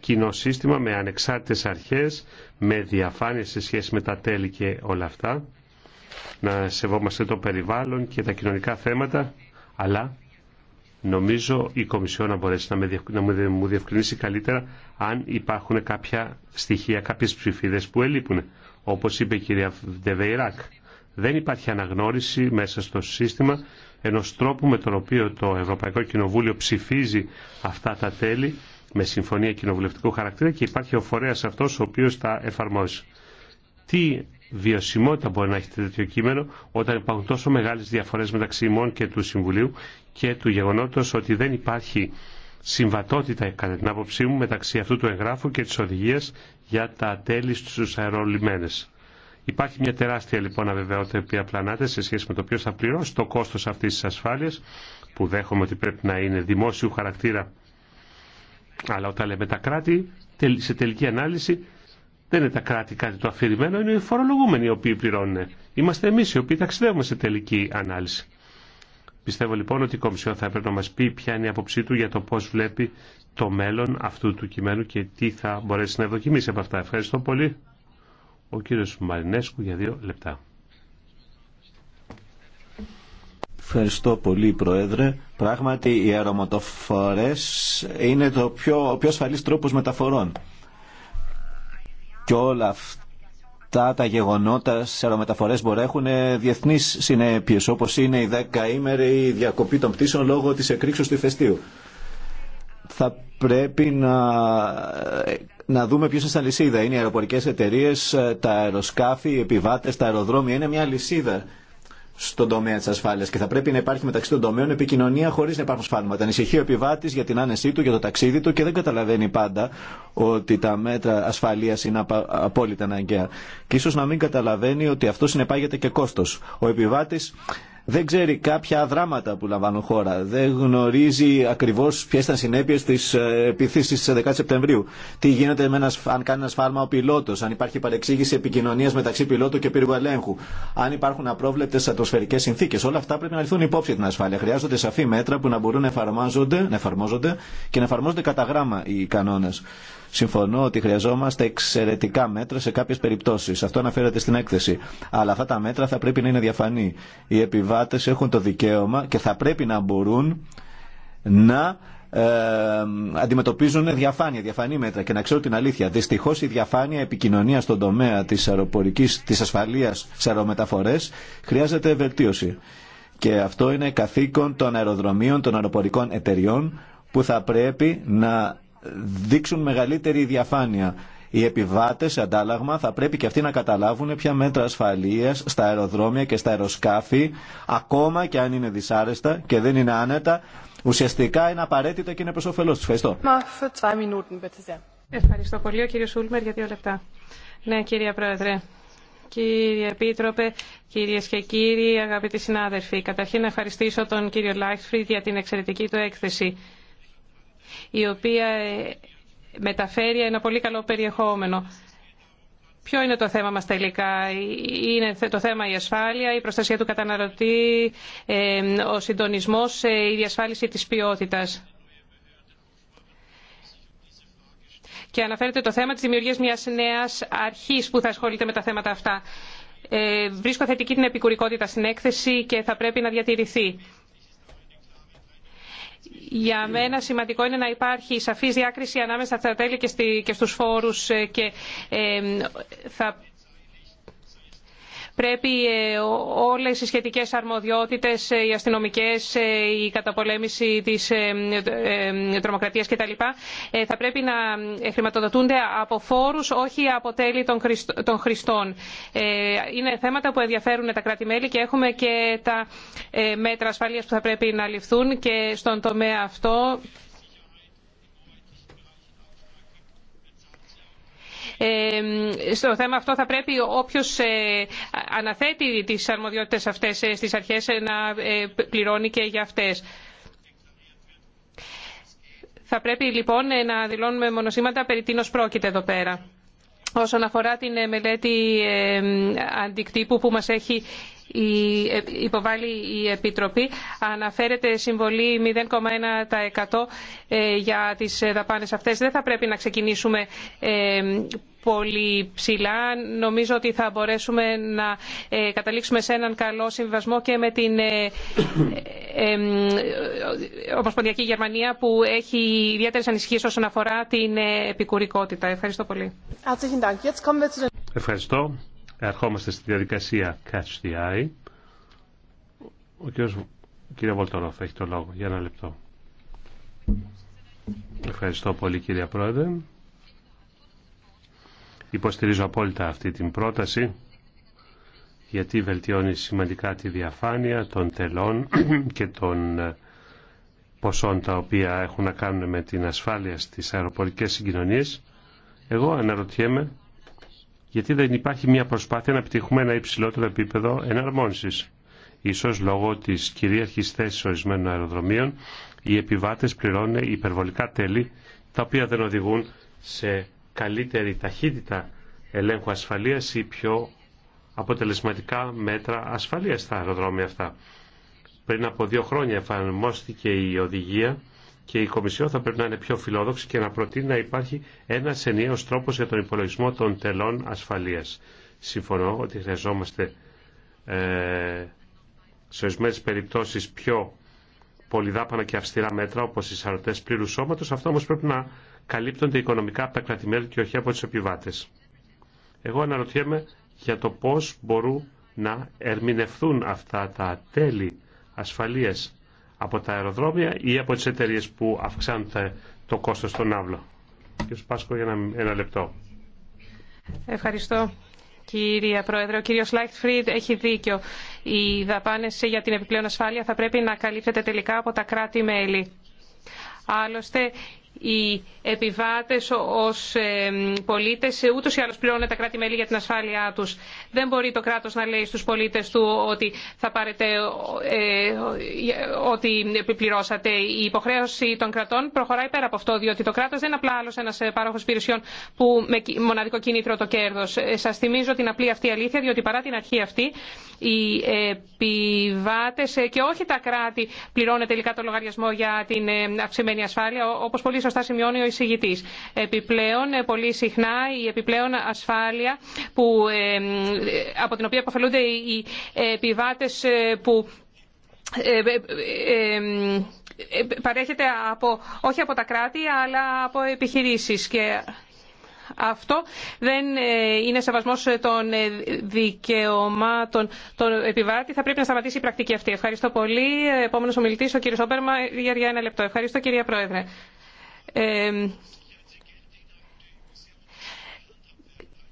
κοινό σύστημα με ανεξάρτητες αρχές, με διαφάνεια σε σχέση με τα τέλη και όλα αυτά, να σεβόμαστε το περιβάλλον και τα κοινωνικά θέματα, αλλά Νομίζω η Κομισιόν να μπορέσει να, μου διευκρινίσει καλύτερα αν υπάρχουν κάποια στοιχεία, κάποιες ψηφίδες που ελείπουν. Όπως είπε η κυρία Δεβεϊράκ, δεν υπάρχει αναγνώριση μέσα στο σύστημα ενός τρόπου με τον οποίο το Ευρωπαϊκό Κοινοβούλιο ψηφίζει αυτά τα τέλη με συμφωνία κοινοβουλευτικού χαρακτήρα και υπάρχει ο φορέας αυτός ο οποίος τα εφαρμόζει. Τι βιωσιμότητα μπορεί να έχει τέτοιο κείμενο όταν υπάρχουν τόσο μεγάλες διαφορές μεταξύ ημών και του Συμβουλίου και του γεγονότος ότι δεν υπάρχει συμβατότητα κατά την άποψή μου μεταξύ αυτού του εγγράφου και της οδηγίας για τα τέλη στους αερολιμένες. Υπάρχει μια τεράστια λοιπόν αβεβαιότητα η οποία πλανάται σε σχέση με το ποιο θα πληρώσει το κόστος αυτής της ασφάλειας που δέχομαι ότι πρέπει να είναι δημόσιου χαρακτήρα αλλά όταν λέμε τα κράτη σε τελική ανάλυση δεν είναι τα κράτη κάτι το αφηρημένο, είναι οι φορολογούμενοι οι οποίοι πληρώνουν. Είμαστε εμεί οι οποίοι ταξιδεύουμε σε τελική ανάλυση. Πιστεύω λοιπόν ότι η Κομισιόν θα έπρεπε να μα πει ποια είναι η άποψή του για το πώ βλέπει το μέλλον αυτού του κειμένου και τι θα μπορέσει να ευδοκιμήσει από αυτά. Ευχαριστώ πολύ. Ο κύριο Μαρινέσκου για δύο λεπτά. Ευχαριστώ πολύ Πρόεδρε. Πράγματι οι αρωματοφορές είναι το πιο, ο πιο ασφαλής τρόπος μεταφορών και όλα αυτά τα γεγονότα σε αερομεταφορές μπορεί να έχουν ε, διεθνείς συνέπειες, όπως είναι η δεκαήμερη διακοπή των πτήσεων λόγω της εκρήξης του ηφαιστείου. Θα πρέπει να, ε, να δούμε ποιος είναι στα λυσίδα. Είναι οι αεροπορικές εταιρείες, ε, τα αεροσκάφη, οι επιβάτες, τα αεροδρόμια. Είναι μια λυσίδα στον τομέα τη ασφάλεια και θα πρέπει να υπάρχει μεταξύ των τομέων επικοινωνία χωρί να υπάρχουν σφάλματα. Ανησυχεί ο επιβάτη για την άνεσή του, για το ταξίδι του και δεν καταλαβαίνει πάντα ότι τα μέτρα ασφαλεία είναι απόλυτα αναγκαία. Και ίσω να μην καταλαβαίνει ότι αυτό συνεπάγεται και κόστο. Ο επιβάτη δεν ξέρει κάποια δράματα που λαμβάνουν χώρα. Δεν γνωρίζει ακριβώ ποιε ήταν συνέπειε τη ε, επίθεση τη 11 Σεπτεμβρίου. Τι γίνεται με αν κάνει ένα σφάλμα ο πιλότο, αν υπάρχει παρεξήγηση επικοινωνία μεταξύ πιλότου και πύργου ελέγχου, αν υπάρχουν απρόβλεπτε ατμοσφαιρικέ συνθήκε. Όλα αυτά πρέπει να ληφθούν υπόψη την ασφάλεια. Χρειάζονται σαφή μέτρα που να μπορούν να εφαρμόζονται, να εφαρμόζονται και να εφαρμόζονται κατά γράμμα οι κανόνε. Συμφωνώ ότι χρειαζόμαστε εξαιρετικά μέτρα σε κάποιε περιπτώσει. Αυτό αναφέρεται στην έκθεση. Αλλά αυτά τα μέτρα θα πρέπει να είναι διαφανή. Οι επιβάτε έχουν το δικαίωμα και θα πρέπει να μπορούν να ε, αντιμετωπίζουν διαφάνεια, διαφανή μέτρα και να ξέρουν την αλήθεια. Δυστυχώ η διαφάνεια επικοινωνία στον τομέα τη αεροπορική, τη ασφαλεία σε αερομεταφορέ χρειάζεται βελτίωση. Και αυτό είναι καθήκον των αεροδρομίων, των αεροπορικών εταιριών που θα πρέπει να δείξουν μεγαλύτερη διαφάνεια. Οι επιβάτε, σε αντάλλαγμα, θα πρέπει και αυτοί να καταλάβουν ποια μέτρα ασφαλεία στα αεροδρόμια και στα αεροσκάφη, ακόμα και αν είναι δυσάρεστα και δεν είναι άνετα, ουσιαστικά είναι απαραίτητα και είναι προ όφελό του. Ευχαριστώ. Ευχαριστώ πολύ, κύριε Σούλμερ, για δύο λεπτά. Ναι, κύριε Πρόεδρε. Κύριε Επίτροπε, κυρίες και κύριοι, αγαπητοί συνάδελφοι, καταρχήν να ευχαριστήσω τον κύριο Λάχτφριντ για την εξαιρετική του έκθεση η οποία ε, μεταφέρει ένα πολύ καλό περιεχόμενο. Ποιο είναι το θέμα μας τελικά. Είναι το θέμα η ασφάλεια, η προστασία του καταναλωτή, ε, ο συντονισμός, ε, η διασφάλιση της ποιότητας. Και αναφέρεται το θέμα της δημιουργίας μιας νέας αρχής που θα ασχολείται με τα θέματα αυτά. Βρίσκω θετική την επικουρικότητα στην έκθεση και θα πρέπει να διατηρηθεί για μένα σημαντικό είναι να υπάρχει σαφής διάκριση ανάμεσα στα τέλη και στους φόρους ε, και ε, θα Πρέπει ε, όλες οι σχετικές αρμοδιότητες, ε, οι αστυνομικές, ε, η καταπολέμηση της τρομοκρατίας κτλ. θα πρέπει να χρηματοδοτούνται από φόρους, όχι από τέλη των χρηστών. Είναι θέματα που ενδιαφέρουν τα κράτη-μέλη και έχουμε και τα μέτρα ασφαλείας που θα πρέπει να ληφθούν και στον τομέα αυτό στο θέμα αυτό θα πρέπει όποιος ε, αναθέτει τις αρμοδιότητες αυτές ε, στις αρχές ε, να πληρώνει και για αυτές. Θα πρέπει λοιπόν να δηλώνουμε μονοσήματα περί τίνος πρόκειται εδώ πέρα. Όσον αφορά την μελέτη αντικτύπου που μας έχει υποβάλει η Επιτροπή, αναφέρεται συμβολή 0,1% για τις δαπάνες αυτές. Δεν θα πρέπει να ξεκινήσουμε πολύ ψηλά. Νομίζω ότι θα μπορέσουμε να ε, καταλήξουμε σε έναν καλό συμβασμό και με την ε, ε, Ομοσπονδιακή Γερμανία που έχει ιδιαίτερε ανησυχίε όσον αφορά την επικουρικότητα. Ευχαριστώ πολύ. Ευχαριστώ. Ερχόμαστε στη διαδικασία Catch the Eye. Ο κύριος, κύριε Βολτορόφ έχει το λόγο για ένα λεπτό. Ευχαριστώ πολύ κύριε Πρόεδρε. Υποστηρίζω απόλυτα αυτή την πρόταση γιατί βελτιώνει σημαντικά τη διαφάνεια των τελών και των ε, ποσών τα οποία έχουν να κάνουν με την ασφάλεια στις αεροπορικές συγκοινωνίες. Εγώ αναρωτιέμαι γιατί δεν υπάρχει μια προσπάθεια να επιτύχουμε ένα υψηλότερο επίπεδο εναρμόνισης. Ίσως λόγω της κυρίαρχης θέσης ορισμένων αεροδρομίων οι επιβάτες πληρώνουν υπερβολικά τέλη τα οποία δεν οδηγούν σε καλύτερη ταχύτητα ελέγχου ασφαλείας ή πιο αποτελεσματικά μέτρα ασφαλείας στα αεροδρόμια αυτά. Πριν από δύο χρόνια εφαρμόστηκε η οδηγία και η Κομισιό θα πρέπει να είναι πιο φιλόδοξη και να προτείνει να υπάρχει ένα ενιαίο τρόπο για τον υπολογισμό των τελών ασφαλεία. Συμφωνώ ότι χρειαζόμαστε ε, σε ορισμένε περιπτώσει πιο πολυδάπανα και αυστηρά μέτρα όπως οι σαρωτές πλήρου σώματο, Αυτό όμω πρέπει να καλύπτονται οικονομικά από τα κρατημέρια και όχι από του επιβάτε. Εγώ αναρωτιέμαι για το πώ μπορούν να ερμηνευθούν αυτά τα τέλη ασφαλεία από τα αεροδρόμια ή από τις εταιρείε που αυξάνουν το κόστος στον άβλο. Κύριε Πάσκο για ένα λεπτό. Ευχαριστώ Κύριε Πρόεδρε, ο κύριος Λάιχτφριντ έχει δίκιο. Οι δαπάνες για την επιπλέον ασφάλεια θα πρέπει να καλύπτεται τελικά από τα κράτη-μέλη. Άλλωστε, οι επιβάτες ως πολίτες ούτως ή άλλως πληρώνουν τα κράτη-μέλη για την ασφάλειά τους. Δεν μπορεί το κράτος να λέει στους πολίτες του ότι θα πάρετε ε, ότι επιπληρώσατε. Η υποχρέωση των κρατών προχωράει πέρα από αυτό διότι το κράτος δεν είναι απλά άλλος ένας ε, παρόχος υπηρεσιών που με μοναδικό κίνητρο το κέρδος. Ε, σας θυμίζω την απλή αυτή αλήθεια διότι παρά την αρχή αυτή οι επιβάτες και όχι τα κράτη πληρώνουν τελικά το λογαριασμό για την αυξημένη ασφάλεια όπως πολύ σωστά σημειώνει ο εισηγητής. Επιπλέον, ε, πολύ συχνά η επιπλέον ασφάλεια που, ε, ε, από την οποία αποφελούνται οι επιβάτε που παρέχεται από, όχι από τα κράτη αλλά από επιχειρήσεις και αυτό δεν είναι σεβασμός των δικαιωμάτων των επιβάτη. Θα πρέπει να σταματήσει η πρακτική αυτή. Ευχαριστώ πολύ. Επόμενος ομιλητής, ο κύριος Όμπερμα, για ένα λεπτό. Ευχαριστώ κυρία Πρόεδρε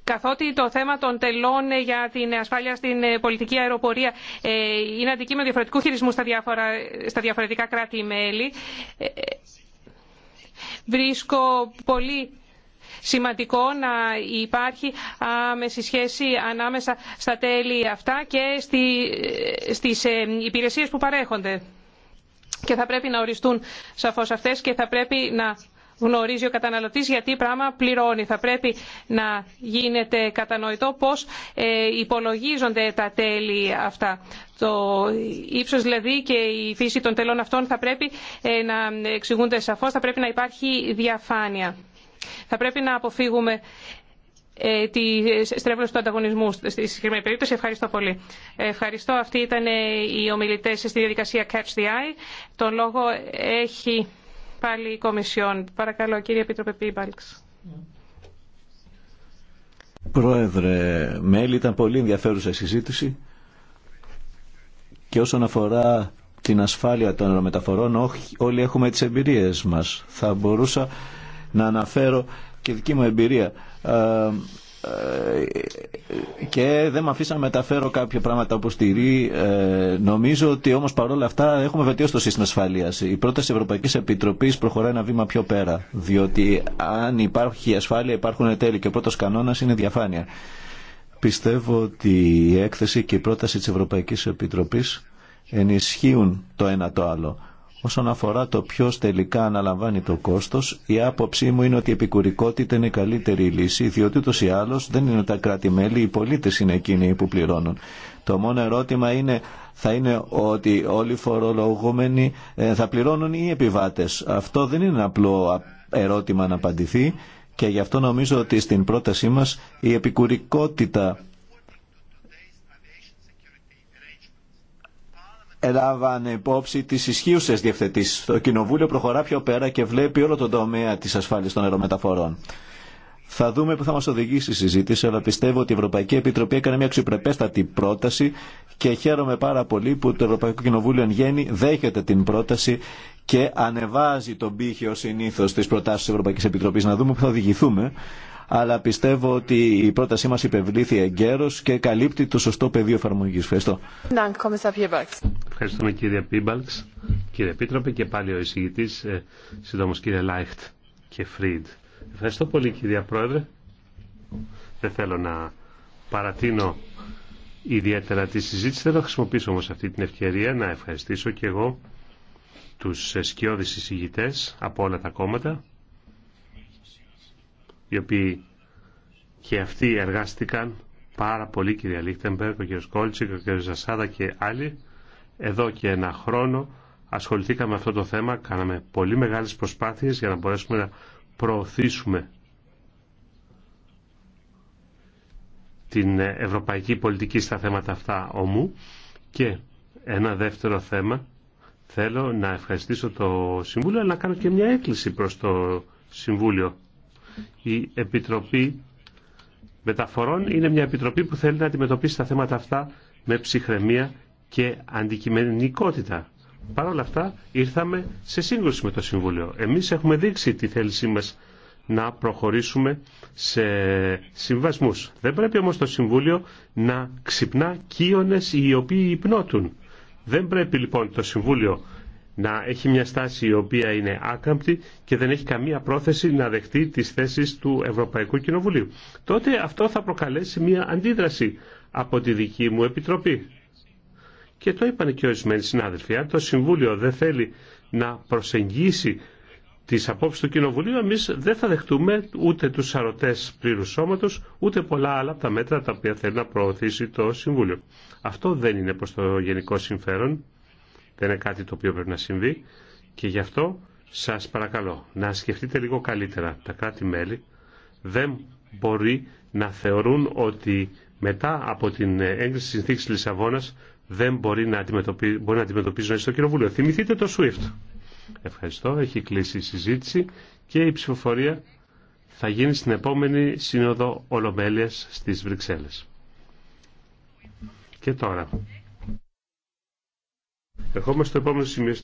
καθότι το θέμα των τελών για την ασφάλεια στην ε, πολιτική αεροπορία ε, είναι αντικείμενο διαφορετικού χειρισμού στα, διάφορα, στα διαφορετικά κράτη-μέλη, ε, βρίσκω πολύ σημαντικό να υπάρχει άμεση σχέση ανάμεσα στα τέλη αυτά και στις υπηρεσίες που παρέχονται και θα πρέπει να οριστούν σαφώς αυτές και θα πρέπει να γνωρίζει ο καταναλωτής γιατί πράγμα πληρώνει. Θα πρέπει να γίνεται κατανοητό πώς ε, υπολογίζονται τα τέλη αυτά. Το ύψος δηλαδή και η φύση των τελών αυτών θα πρέπει ε, να εξηγούνται σαφώς, θα πρέπει να υπάρχει διαφάνεια. Θα πρέπει να αποφύγουμε ε, τη στρέβλωση του ανταγωνισμού στη συγκεκριμένη περίπτωση. Ευχαριστώ πολύ. Ευχαριστώ. Αυτοί ήταν ε, οι ομιλητέ στη διαδικασία Catch the Eye. Τον λόγο έχει πάλι η Κομισιόν. Παρακαλώ, κύριε Επίτροπε Πίμπαλξ. Πρόεδρε, μέλη, ήταν πολύ ενδιαφέρουσα η συζήτηση και όσον αφορά την ασφάλεια των αερομεταφορών, όλοι έχουμε τις εμπειρίες μας. Θα μπορούσα να αναφέρω και δική μου εμπειρία ε, ε, και δεν με αφήσαν να μεταφέρω κάποια πράγματα όπω τη ΡΗ. Ε, νομίζω ότι όμως παρόλα αυτά έχουμε βελτιώσει το σύστημα ασφαλεία. Η πρόταση Ευρωπαϊκή Επιτροπής προχωράει ένα βήμα πιο πέρα, διότι αν υπάρχει ασφάλεια υπάρχουν τέλη και ο πρώτο κανόνα είναι διαφάνεια. Πιστεύω ότι η έκθεση και η πρόταση της Ευρωπαϊκής Επιτροπής ενισχύουν το ένα το άλλο. Όσον αφορά το ποιο τελικά αναλαμβάνει το κόστο, η άποψή μου είναι ότι η επικουρικότητα είναι η καλύτερη λύση, διότι ούτω ή άλλω δεν είναι τα κράτη-μέλη, οι πολίτε είναι εκείνοι που πληρώνουν. Το μόνο ερώτημα είναι, θα είναι ότι όλοι οι φορολογούμενοι ε, θα πληρώνουν ή οι επιβάτε. Αυτό δεν είναι απλό ερώτημα να απαντηθεί και γι' αυτό νομίζω ότι στην πρότασή μα η επικουρικότητα έλαβαν υπόψη τις ισχύουσε διευθετήσει. Το Κοινοβούλιο προχωρά πιο πέρα και βλέπει όλο τον τομέα τη ασφάλεια των αερομεταφορών. Θα δούμε που θα μα οδηγήσει η συζήτηση, αλλά πιστεύω ότι η Ευρωπαϊκή Επιτροπή έκανε μια αξιοπρεπέστατη πρόταση και χαίρομαι πάρα πολύ που το Ευρωπαϊκό Κοινοβούλιο εν γέννη δέχεται την πρόταση και ανεβάζει τον πύχη ω συνήθω της προτάσεις της Ευρωπαϊκής Επιτροπής. Να δούμε που θα οδηγηθούμε αλλά πιστεύω ότι η πρότασή μας υπευλήθη εγκαίρως και καλύπτει το σωστό πεδίο εφαρμογή. Ευχαριστώ. Ευχαριστούμε κύριε Πίμπαλξ, κύριε Επίτροπε και πάλι ο εισηγητής, ε, σύντομο κύριε Λάιχτ και Φρίντ. Ευχαριστώ πολύ κύριε Πρόεδρε. Δεν θέλω να παρατείνω ιδιαίτερα τη συζήτηση. Θέλω να χρησιμοποιήσω όμως αυτή την ευκαιρία να ευχαριστήσω και εγώ τους σκιώδεις εισηγητές από όλα τα κόμματα οι οποίοι και αυτοί εργάστηκαν πάρα πολύ κυρία Λίχτεμπεργκ, ο κ. Κόλτσικ, ο κ. Ζασάδα και άλλοι. Εδώ και ένα χρόνο ασχοληθήκαμε με αυτό το θέμα, κάναμε πολύ μεγάλες προσπάθειες για να μπορέσουμε να προωθήσουμε την ευρωπαϊκή πολιτική στα θέματα αυτά ομού. Και ένα δεύτερο θέμα, θέλω να ευχαριστήσω το Συμβούλιο, αλλά να κάνω και μια έκκληση προς το Συμβούλιο. Η Επιτροπή Μεταφορών είναι μια επιτροπή που θέλει να αντιμετωπίσει τα θέματα αυτά με ψυχραιμία και αντικειμενικότητα. Παρ' όλα αυτά ήρθαμε σε σύγκρουση με το Συμβούλιο. Εμείς έχουμε δείξει τη θέλησή μας να προχωρήσουμε σε συμβασμούς. Δεν πρέπει όμως το Συμβούλιο να ξυπνά κύονες οι οποίοι υπνώτουν. Δεν πρέπει λοιπόν το Συμβούλιο να έχει μια στάση η οποία είναι άκαμπτη και δεν έχει καμία πρόθεση να δεχτεί τις θέσεις του Ευρωπαϊκού Κοινοβουλίου. Τότε αυτό θα προκαλέσει μια αντίδραση από τη δική μου Επιτροπή. Και το είπαν και ορισμένοι συνάδελφοι. Αν το Συμβούλιο δεν θέλει να προσεγγίσει τις απόψεις του Κοινοβουλίου, εμείς δεν θα δεχτούμε ούτε τους σαρωτές πλήρου σώματος, ούτε πολλά άλλα από τα μέτρα τα οποία θέλει να προωθήσει το Συμβούλιο. Αυτό δεν είναι προς το γενικό συμφέρον δεν είναι κάτι το οποίο πρέπει να συμβεί και γι' αυτό σας παρακαλώ να σκεφτείτε λίγο καλύτερα τα κράτη-μέλη δεν μπορεί να θεωρούν ότι μετά από την έγκριση συνθήκης της Λισαβόνας δεν μπορεί να, αντιμετωπί... μπορεί να αντιμετωπίζουν στο Κοινοβούλιο. Θυμηθείτε το SWIFT. Ευχαριστώ. Έχει κλείσει η συζήτηση και η ψηφοφορία θα γίνει στην επόμενη Σύνοδο Ολομέλειας στις Βρυξέλλες. Και τώρα Ερχόμαστε στο επόμενο σημείο.